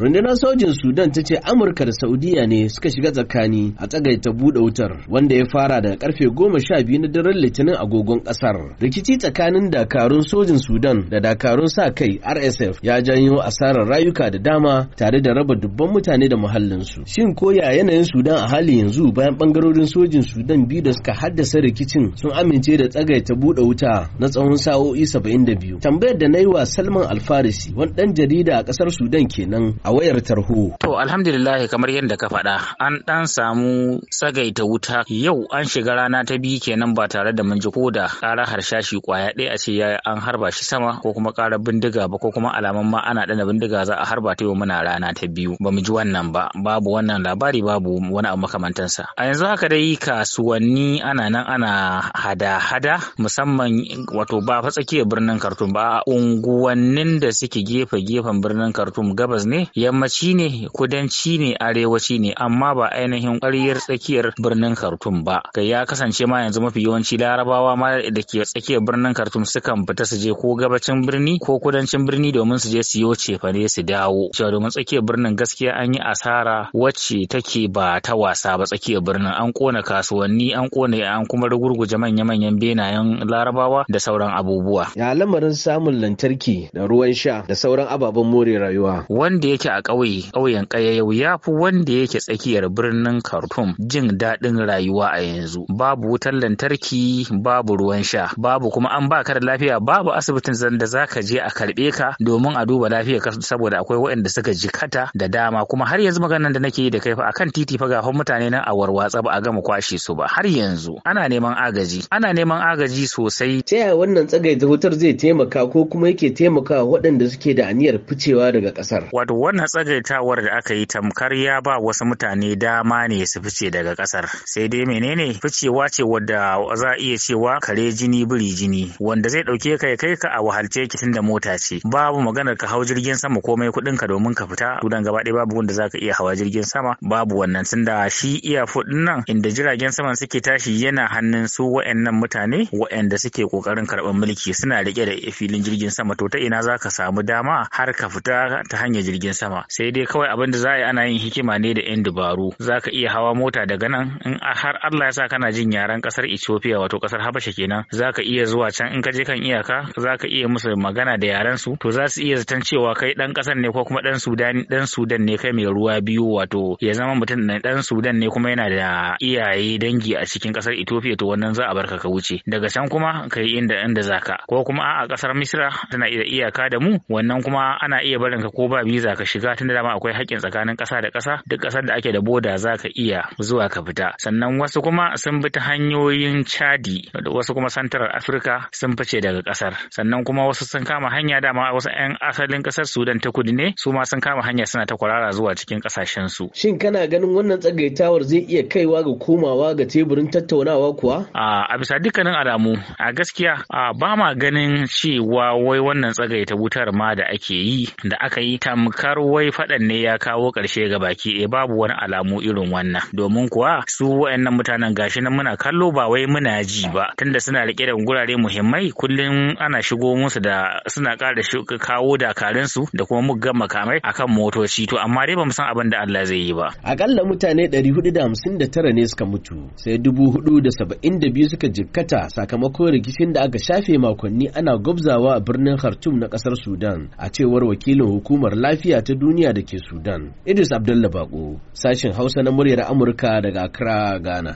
Rundunar sojin Sudan ta ce Amurka da Saudiya ne suka shiga tsakani a tsagaita buɗe wutar wanda ya fara daga karfe goma sha biyu na daren Litinin agogon ƙasar. Rikici tsakanin dakarun sojin Sudan da dakarun sa kai RSF ya janyo asarar rayuka da dama tare da raba dubban mutane da muhallinsu. Shin koya yanayin Sudan a hali yanzu bayan bangarorin sojin Sudan biyu da suka haddasa rikicin sun amince da tsagaita buɗe wuta na tsawon sa'o'i saba'in da biyu. Tambayar da na yi wa Salman Alfarisi wani ɗan jarida a ƙasar Sudan kenan a wayar tarho. To alhamdulillah kamar yadda ka faɗa an ɗan samu sagaita wuta yau an shiga rana ta biyu kenan ba tare da mun ji ko da ƙara harshashi kwaya ɗaya a ce ya an harba shi sama ko kuma ƙara bindiga ba ko kuma alaman ma ana ɗana bindiga za a harba ta yau muna rana ta biyu ba mu ji wannan ba babu wannan labari babu wani abu makamantansa. A yanzu haka dai kasuwanni ana nan ana hada-hada musamman wato ba fa tsakiyar birnin Khartoum ba unguwannin da suke gefe-gefen birnin Khartoum gabas ne yammaci ne kudanci ne arewaci ne amma ba ainihin ƙaryar tsakiyar birnin Khartoum ba kai ya kasance ma yanzu mafi yawanci larabawa ma da ke tsakiyar birnin Khartoum sukan fita su je ko gabacin birni ko kudancin birni domin su je siyo cefane su dawo cewa domin tsakiyar birnin gaskiya an yi asara wacce take ba ta wasa ba tsakiyar birnin an kona kasuwanni an kona an kuma rugurguje manya-manyan benayen larabawa da sauran abubuwa ya lamarin samun lantarki da ruwan sha da sauran ababen more rayuwa wanda yake yake a ƙauye ƙauyen ƙayayau ya fi wanda yake tsakiyar birnin khartoum jin daɗin rayuwa a yanzu babu wutar lantarki babu ruwan sha babu kuma an ba ka da lafiya babu asibitin da za ka je a karɓe ka domin a duba lafiyar ka saboda akwai waɗanda suka jikata da dama kuma har yanzu maganar da nake yi da kai fa akan titi fa ga mutane nan a warwatsa ba a gama kwashe su ba har yanzu ana neman agaji ana neman agaji sosai ta yaya wannan tsagaita wutar zai taimaka ko kuma yake taimakawa waɗanda suke da aniyar ficewa daga ƙasar wato wannan tsagaitawar da aka yi tamkar ya ba wasu mutane dama ne su fice daga kasar sai dai menene ficewa ce wadda za iya cewa kare jini biri jini wanda zai dauke ka kai ka a wahalce ki da mota ce babu maganar ka hau jirgin sama komai kuɗin ka domin ka fita dudan gaba ɗaya babu wanda zaka iya hawa jirgin sama babu wannan tunda shi iya fudin nan inda jiragen sama suke tashi yana hannun su wa'annan mutane wa'anda suke kokarin karɓar mulki suna rike da filin jirgin sama to ta ina zaka samu dama har ka fita ta hanyar jirgin sama sama sai dai kawai abin da za a yi ana yin hikima ne da yan dubaru za ka iya hawa mota daga nan in har Allah ya sa kana jin yaren kasar Ethiopia wato kasar Habasha kenan za ka iya zuwa can in ka je kan iyaka za ka iya musu magana da yaren su to za su iya zaton cewa kai dan kasar ne ko kuma dan Sudan dan Sudan ne kai mai ruwa biyu wato ya zama mutum dan Sudan ne kuma yana da iyaye dangi a cikin kasar Ethiopia to wannan za a barka ka wuce daga can kuma kai inda inda zaka ko kuma a kasar Misra tana iya iyaka da mu wannan kuma ana iya barin ko ba visa ka shiga tunda dama akwai haƙƙin tsakanin ƙasa da ƙasa duk ƙasar da ake da boda za ka iya zuwa ka fita sannan wasu kuma sun bi ta hanyoyin chadi wasu kuma santarar afirka sun fice daga ƙasar sannan kuma wasu sun kama hanya dama wasu 'yan asalin ƙasar sudan ta kudu ne su ma sun kama hanya suna ta kwarara zuwa cikin ƙasashen su shin kana ganin wannan tsagaitawar zai iya kaiwa ga komawa ga teburin tattaunawa kuwa a bisa dukkanin alamu a gaskiya ba ma ganin cewa wai wannan tsagaita wutar ma da ake yi da aka yi tamkar wai faɗan ne ya kawo ƙarshe ga baki ɗaya babu wani alamu irin wannan domin kuwa su wayannan mutanen gashi nan muna kallo ba wai muna ji ba tunda suna rike da gurare muhimmai kullum ana shigo musu da suna ƙara kawo dakarun su da kuma muggan makamai akan motoci to amma dai bamu san abin da Allah zai yi ba akalla mutane 459 ne suka mutu sai 472 suka jikkata sakamakon rikicin da aka shafe makonni ana gwabzawa a birnin Khartoum na ƙasar Sudan a cewar wakilin hukumar lafiya ta duniya da ke Sudan. Idris Abdullah Bako, sashen Hausa na muryar Amurka daga Accra, Ghana.